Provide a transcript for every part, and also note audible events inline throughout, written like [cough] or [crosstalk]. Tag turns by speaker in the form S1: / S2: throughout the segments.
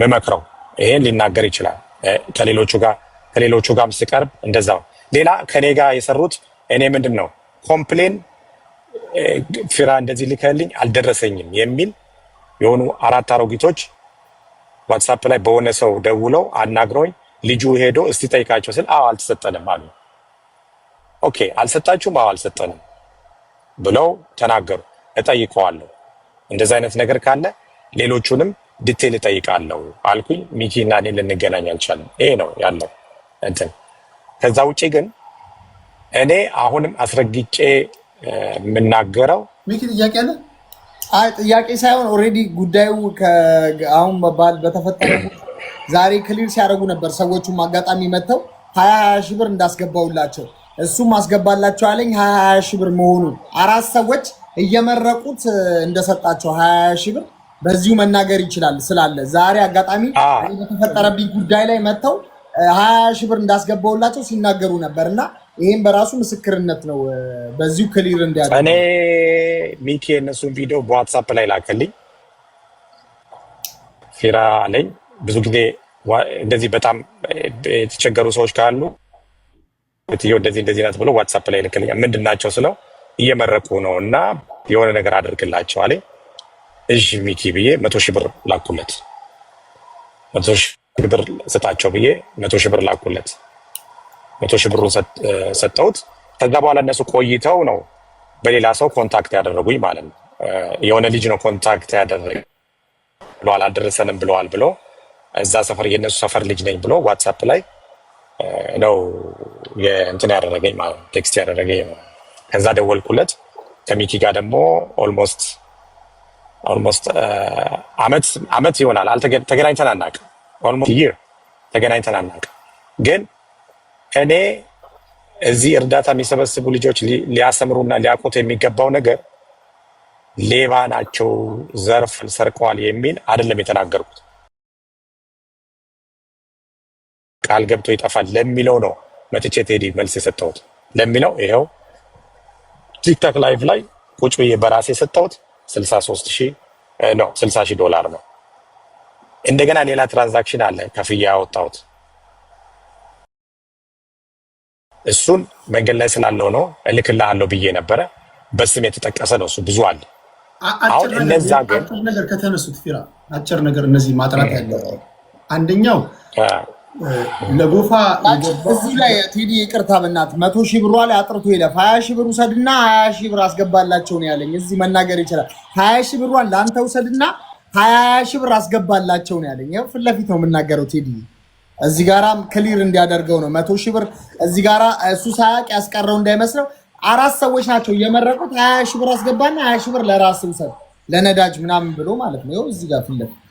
S1: ምመክረው ይሄን ሊናገር ይችላል። ከሌሎቹ ጋር ከሌሎቹ ጋርም ስቀርብ እንደዛው። ሌላ ከኔ ጋር የሰሩት እኔ ምንድን ነው ኮምፕሌን ፊራ እንደዚህ ልከልኝ አልደረሰኝም የሚል የሆኑ አራት አሮጊቶች ዋትሳፕ ላይ በሆነ ሰው ደውለው አናግረውኝ ልጁ ሄዶ እስቲ ጠይቃቸው ስል አዎ አልተሰጠንም አሉ። ኦኬ አልሰጣችሁም? አዎ አልሰጠንም ብለው ተናገሩ። እጠይቀዋለሁ። እንደዚህ አይነት ነገር ካለ ሌሎቹንም ዲቴል እጠይቃለሁ አልኩኝ። ሚኪ እና እኔ ልንገናኝ አልቻለም። ይሄ ነው ያለው እንትን። ከዛ ውጭ ግን እኔ አሁንም አስረግጬ የምናገረው
S2: ሚኪ ጥያቄ አለ። አይ ጥያቄ ሳይሆን ኦልሬዲ ጉዳዩ አሁን መባል በተፈጠረ ዛሬ ክሊር ሲያደርጉ ነበር። ሰዎቹም አጋጣሚ መጥተው ሀያ ሀያ ሺህ ብር እንዳስገባውላቸው እሱም አስገባላቸው አለኝ። ሀያ ሀያ ሺህ ብር መሆኑ አራት ሰዎች እየመረቁት እንደሰጣቸው ሀያ ሀያ ሺህ ብር በዚሁ መናገር ይችላል ስላለ ዛሬ አጋጣሚ በተፈጠረብኝ ጉዳይ ላይ መጥተው ሀያ ሺህ ብር እንዳስገባውላቸው ሲናገሩ ነበር እና ይህም በራሱ ምስክርነት ነው። በዚሁ ክሊር እንዲያ
S1: እኔ ሚኪ የእነሱን ቪዲዮ በዋትሳፕ ላይ ላከልኝ ፊራ አለኝ። ብዙ ጊዜ እንደዚህ በጣም የተቸገሩ ሰዎች ካሉ ትዮ እንደዚህ እንደዚህ ናት ብሎ ዋትሳፕ ላይ ልክልኛ ምንድን ናቸው ስለው እየመረቁ ነው እና የሆነ ነገር አደርግላቸው አለኝ። እሺ ሚኪ ብዬ መቶ ሺህ ብር ላኩለት። መቶ ሺህ ብር ስጣቸው ብዬ መቶ ሺህ ብር ላኩለት። መቶ ሺህ ብሩን ሰጠሁት። ከዛ በኋላ እነሱ ቆይተው ነው በሌላ ሰው ኮንታክት ያደረጉኝ ማለት ነው። የሆነ ልጅ ነው ኮንታክት ያደረገ ብለዋል፣ አልደረሰንም ብለዋል ብሎ እዛ ሰፈር የእነሱ ሰፈር ልጅ ነኝ ብሎ ዋትሳፕ ላይ ነው እንትን ያደረገኝ ማለት ቴክስት ያደረገኝ። ከዛ ደወልኩለት ከሚኪ ጋር ደግሞ ኦልሞስት ኦልሞስት uh, አመት አመት ይሆናል ተገናኝተን አናውቅም። ኦልሞስት ይር ተገናኝተን አናውቅም። ግን እኔ እዚህ እርዳታ የሚሰበስቡ ልጆች ሊያሰምሩና ሊያውቁት የሚገባው ነገር ሌባ ናቸው፣ ዘርፍ ሰርቀዋል የሚል አይደለም የተናገርኩት። ቃል ገብቶ ይጠፋል ለሚለው ነው መትቼ ቴዲ መልስ የሰጠሁት ለሚለው ይኸው ቲክታክ ላይፍ ላይ ቁጭ ብዬ በራሴ የሰጠሁት 63 ሺህ ነው 60 ሺህ ዶላር ነው። እንደገና ሌላ ትራንዛክሽን አለ ከፍያ ያወጣሁት እሱን መንገድ ላይ ስላለው ነው እልክልሃለሁ ብዬ ነበረ። በስም የተጠቀሰ ነው እሱ ብዙ አለ። አሁን እነዛ ግን
S2: ከተነሱት ፊራ አጭር ነገር እነዚህ ማጥራት ያለው አንደኛው ለጎፋ እዚህ ላይ ቴዲ ይቅርታ በእናት መቶ ሺህ ብሯ ላይ አጥርቶ ይለፍ። ሀያ ሺህ ብር ውሰድና ሀያ ሺህ ብር አስገባላቸው ነው ያለኝ። እዚህ መናገር ይችላል። ሀያ ሺህ ብሯን ለአንተ ውሰድና ሀያ ሺህ ብር አስገባላቸው ነው ያለኝ። ፊት ለፊት ነው የምናገረው ቴዲ እዚህ ጋራ ክሊር እንዲያደርገው ነው። መቶ ሺህ ብር እዚህ ጋራ እሱ ሳያቅ ያስቀረው እንዳይመስለው። አራት ሰዎች ናቸው እየመረቁት። ሀያ ሺህ ብር አስገባና ሀያ ሺህ ብር ለራስ ውሰድ ለነዳጅ ምናምን ብሎ ማለት ነው። ይኸው እዚህ ጋር ፊት ለፊት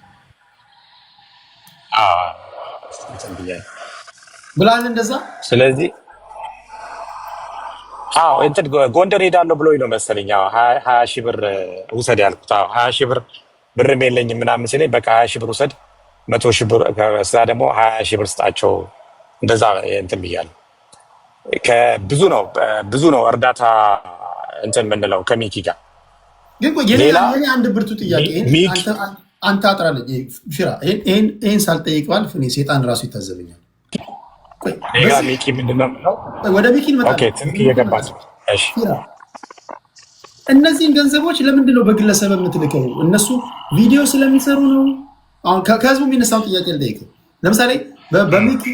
S2: ብላን እንደዛ።
S1: ስለዚህ አዎ እንትን ጎንደር ሄዳለሁ ብሎኝ ነው መሰለኝ ሀያ ሺህ ብር ውሰድ ያልኩት። ሀያ ሺህ ብር ብርም የለኝም ምናምን ሲለኝ በቃ ሀያ ሺህ ብር ውሰድ፣ መቶ ሺህ ብር ስራ ደግሞ ሀያ ሺህ ብር ስጣቸው እንደዛ እንትን ብያለሁ። ከብዙ ነው ብዙ ነው እርዳታ እንትን የምንለው ከሚኪ ጋር
S2: ግን አንድ ብርቱ ጥያቄ አንተ አጥራለኝ ፊራ ይህን ሳልጠይቅ ባልፍ እኔ ሴጣን ራሱ ይታዘብኛል ወደ ሚኪ እነዚህን ገንዘቦች ለምንድን ነው በግለሰብ የምትልከው? እነሱ ቪዲዮ ስለሚሰሩ ነው። አሁን ከህዝቡ የሚነሳውን ጥያቄ ልጠይቅ። ለምሳሌ በሚኪ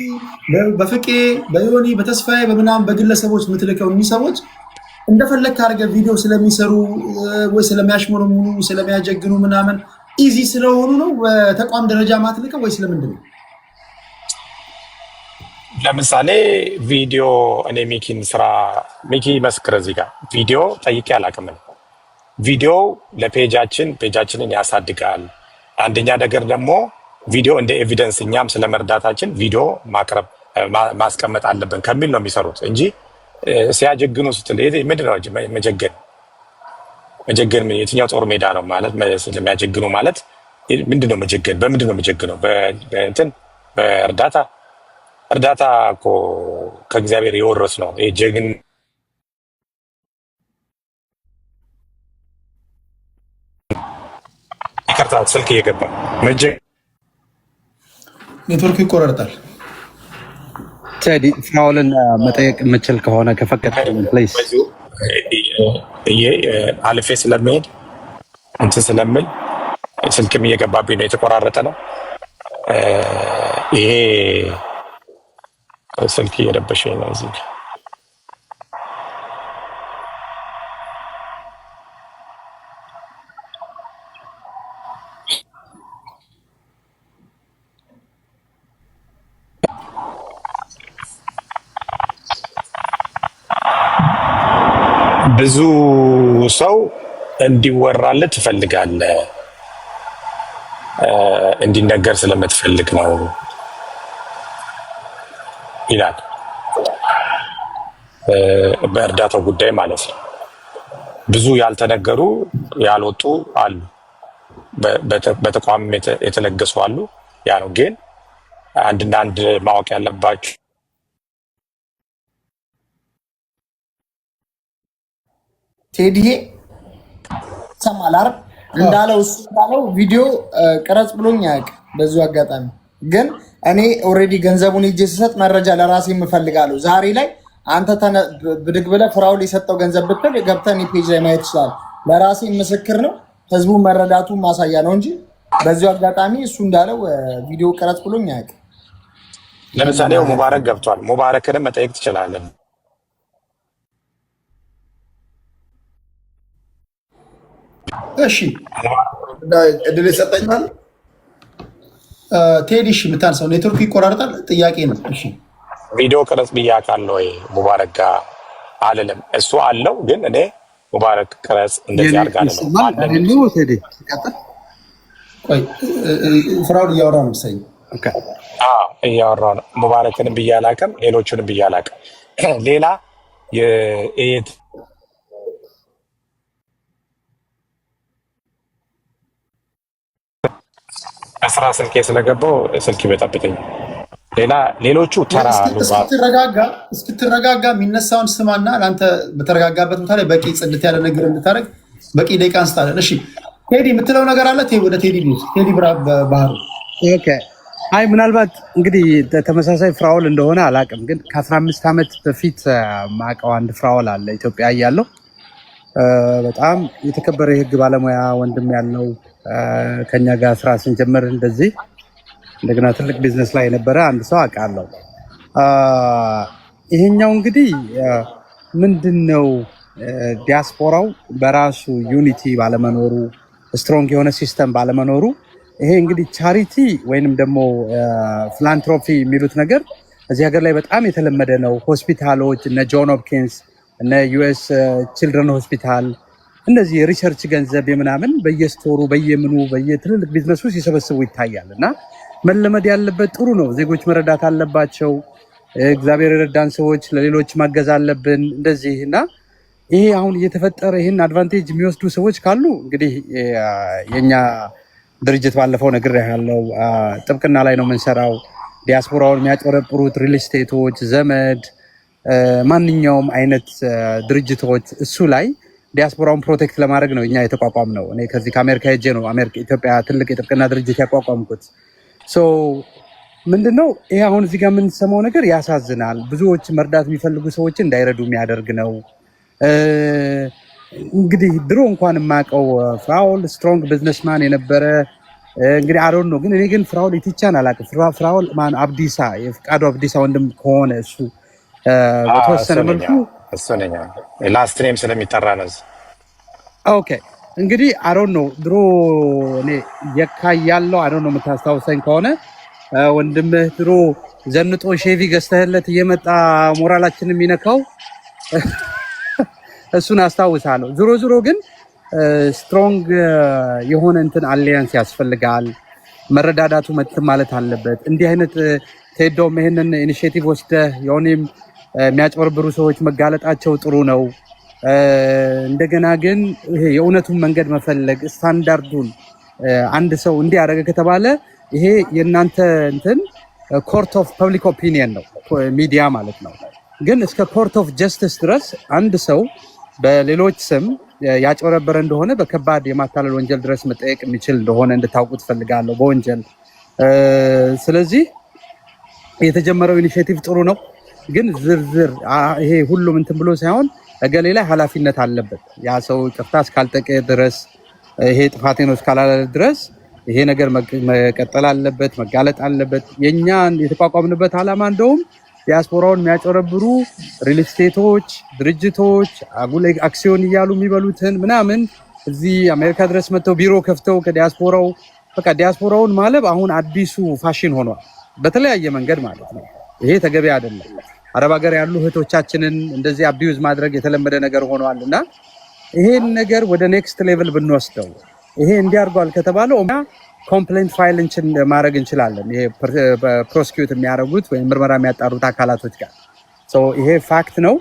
S2: በፍቄ በዮኒ በተስፋዬ በምናምን በግለሰቦች የምትልከው እኒህ ሰዎች እንደፈለግ ካደርገህ ቪዲዮ ስለሚሰሩ ወይ ስለሚያጀግኑ ምናምን ኢዚ ስለሆኑ ነው በተቋም ደረጃ ማትልቀው ወይ ለምንድን ነው?
S1: ለምሳሌ ቪዲዮ እኔ ሚኪን ስራ ሚኪ መስክር እዚህ ጋር ቪዲዮ ጠይቄ አላቅምን። ቪዲዮ ለፔጃችን ፔጃችንን ያሳድጋል። አንደኛ ነገር ደግሞ ቪዲዮ እንደ ኤቪደንስ እኛም ስለ መርዳታችን ቪዲዮ ማቅረብ ማስቀመጥ አለብን ከሚል ነው የሚሰሩት እንጂ ሲያጀግኑ ስትል ምንድን ነው መጀገን መጀገን የትኛው ጦር ሜዳ ነው ማለት ለሚያጀግኑ ማለት ምንድን ነው መጀገን? በምንድን ነው መጀግነው? በእንትን በእርዳታ እርዳታ እኮ ከእግዚአብሔር የወረስ ነው ጀግን ይቅርታ፣ ስልክ እየገባ ኔትወርክ ይቆራርጣል። ቴዲ ፋውልን መጠየቅ የምችል ከሆነ ከፈቀድ ፕሌስ አልፌ ስለመሄድ እንትን ስለምል ስልክም እየገባብኝ ነው፣ የተቆራረጠ ነው ይሄ ስልክ እየረበሸኝ ነው እዚህ ብዙ ሰው እንዲወራለት ትፈልጋለህ፣ እንዲነገር ስለምትፈልግ ነው ይላል። በእርዳታው ጉዳይ ማለት ነው። ብዙ ያልተነገሩ ያልወጡ አሉ፣ በተቋም የተለገሱ አሉ። ያ ነው ግን አንድና አንድ ማወቅ ያለባቸው።
S2: ቴዲዬ ይሰማል እንዳለው እሱ እንዳለው ቪዲዮ ቅረጽ ብሎኝ አያውቅም። በዚሁ አጋጣሚ ግን እኔ ኦልሬዲ ገንዘቡን እጄ ስሰጥ መረጃ ለራሴ የምፈልጋለሁ። ዛሬ ላይ አንተ ብድግ ብለህ ፍራውል የሰጠው ገንዘብ ብትል ገብተን ፔጅ ላይ ማየት ይችላል። ለራሴ ምስክር ነው፣ ህዝቡ መረዳቱ ማሳያ ነው እንጂ በዚሁ አጋጣሚ እሱ እንዳለው ቪዲዮ ቅረጽ ብሎኝ አያውቅም።
S1: ለምሳሌ ሙባረክ ገብቷል። ሙባረክንም መጠየቅ ትችላለን።
S2: እሺ እድል ይሰጠኛል። ቴዲ እሺ፣ ምታን ሰው ኔትወርክ ይቆራርጣል። ጥያቄ ነው። እሺ
S1: ቪዲዮ ቅረጽ ብያ ካለው ወይ ሙባረክ ጋር አልልም። እሱ አለው ግን እኔ ሙባረክ ቅረጽ እንደዚህ አድርጋ
S2: ፍራውን እያወራ ነው ምሰኝ
S1: እያወራ ነው። ሙባረክንም ብያ አላቅም፣ ሌሎቹንም ብያ አላቅም። [clears throat] ሌላ ከስራ ስልኬ ስለገባው ስልክ ይበጣብጠኝ። ሌላ ሌሎቹ ተራ
S2: እስክትረጋጋ የሚነሳውን ስማና ለአንተ በተረጋጋበት ቦታ ላይ በቂ ጽድት ያለ ነገር እንድታደርግ በቂ ደቂቃ አንስታለን። እሺ ቴዲ የምትለው ነገር አለ? ወደ ቴዲ ቴዲ ብራ ባህሩ። አይ ምናልባት እንግዲህ ተመሳሳይ ፍራውል እንደሆነ አላውቅም፣ ግን ከአስራ አምስት ዓመት በፊት ማውቀው አንድ ፍራውል አለ ኢትዮጵያ እያለሁ በጣም የተከበረ የህግ ባለሙያ ወንድም ያለው ከኛ ጋር ስራ ስንጀምር እንደዚህ እንደገና ትልቅ ቢዝነስ ላይ የነበረ አንድ ሰው አውቃለሁ። ይሄኛው እንግዲህ ምንድን ነው ዲያስፖራው በራሱ ዩኒቲ ባለመኖሩ ስትሮንግ የሆነ ሲስተም ባለመኖሩ ይሄ እንግዲህ ቻሪቲ ወይንም ደግሞ ፊላንትሮፒ የሚሉት ነገር እዚህ ሀገር ላይ በጣም የተለመደ ነው። ሆስፒታሎች እነ ጆን ሆፕኪንስ እነ ዩኤስ ችልድረን ሆስፒታል እንደዚህ ሪሰርች ገንዘብ የምናምን በየስቶሩ በየምኑ በየትልልቅ ቢዝነሱ ሲሰበስቡ ይታያል። እና መለመድ ያለበት ጥሩ ነው። ዜጎች መረዳት አለባቸው። እግዚአብሔር የረዳን ሰዎች ለሌሎች ማገዝ አለብን። እንደዚህ እና ይሄ አሁን እየተፈጠረ ይህን አድቫንቴጅ የሚወስዱ ሰዎች ካሉ እንግዲህ የኛ ድርጅት ባለፈው ነግር ያለው ጥብቅና ላይ ነው የምንሰራው። ዲያስፖራውን የሚያጨረጵሩት ሪል ስቴቶች ዘመድ ማንኛውም አይነት ድርጅቶች እሱ ላይ ዲያስፖራውን ፕሮቴክት ለማድረግ ነው እኛ የተቋቋም ነው። እኔ ከዚህ ከአሜሪካ ሄጄ ነው ኢትዮጵያ ትልቅ የጥብቅና ድርጅት ያቋቋምኩት። ምንድን ነው ይሄ አሁን እዚህ ጋር የምንሰማው ነገር ያሳዝናል። ብዙዎች መርዳት የሚፈልጉ ሰዎች እንዳይረዱ የሚያደርግ ነው። እንግዲህ ድሮ እንኳን የማውቀው ፍራውል ስትሮንግ ቢዝነስማን የነበረ እንግዲህ አሮን ነው ግን እኔ ግን ፍራውል የትቻን አላውቅም። ፍራውል ማን አብዲሳ የፍቃዱ አብዲሳ ወንድም ከሆነ እሱ በተወሰነ መልኩ
S1: ላስት ኔም ስለሚጠራ ነው።
S2: ኦኬ እንግዲህ አሮን ነው ድሮ እኔ የካ ያለው አሮን ነው የምታስታውሰኝ ከሆነ ወንድምህ ድሮ ዘንጦ ሼቪ ገዝተህለት እየመጣ ሞራላችን የሚነካው [laughs] እሱን አስታውሳለሁ። ዞሮ ዞሮ ግን ስትሮንግ የሆነ እንትን አሊያንስ ያስፈልጋል። መረዳዳቱ መጥት ማለት አለበት። እንዲህ አይነት ቴዶም ይህንን ኢኒሽቲቭ ወስደህ የሆኔም የሚያጭበረብሩ ሰዎች መጋለጣቸው ጥሩ ነው። እንደገና ግን ይሄ የእውነቱን መንገድ መፈለግ ስታንዳርዱን አንድ ሰው እንዲያደረገ ከተባለ ይሄ የእናንተ እንትን ኮርት ኦፍ ፐብሊክ ኦፒኒየን ነው፣ ሚዲያ ማለት ነው። ግን እስከ ኮርት ኦፍ ጀስቲስ ድረስ አንድ ሰው በሌሎች ስም ያጭበረበረ እንደሆነ በከባድ የማታለል ወንጀል ድረስ መጠየቅ የሚችል እንደሆነ እንድታውቁ ትፈልጋለሁ በወንጀል ስለዚህ የተጀመረው ኢኒሽቲቭ ጥሩ ነው። ግን ዝርዝር ይሄ ሁሉም እንትን ብሎ ሳይሆን እገሌ ላይ ኃላፊነት አለበት ያ ሰው ጥፍታ እስካልጠቀ ድረስ ይሄ ጥፋቴ ነው እስካላለ ድረስ ይሄ ነገር መቀጠል አለበት፣ መጋለጥ አለበት። የኛ የተቋቋምንበት ዓላማ እንደውም ዲያስፖራውን የሚያጨረብሩ ሪልስቴቶች፣ ድርጅቶች አጉል አክሲዮን እያሉ የሚበሉትን ምናምን እዚህ አሜሪካ ድረስ መጥተው ቢሮ ከፍተው ከዲያስፖራው በቃ ዲያስፖራውን ማለብ አሁን አዲሱ ፋሽን ሆኗል፣ በተለያየ መንገድ ማለት ነው። ይሄ ተገቢ አይደለም። አረብ ሀገር ያሉ እህቶቻችንን እንደዚህ አቢዩዝ ማድረግ የተለመደ ነገር ሆኗል እና ይሄን ነገር ወደ ኔክስት ሌቭል ብንወስደው ይሄ እንዲያርጓል ከተባለው ኮምፕሌንት ፋይል ማድረግ እንችላለን። ይሄ ፕሮስኪዩት የሚያደርጉት ወይም ምርመራ የሚያጣሩት አካላቶች ጋር ይሄ ፋክት ነው።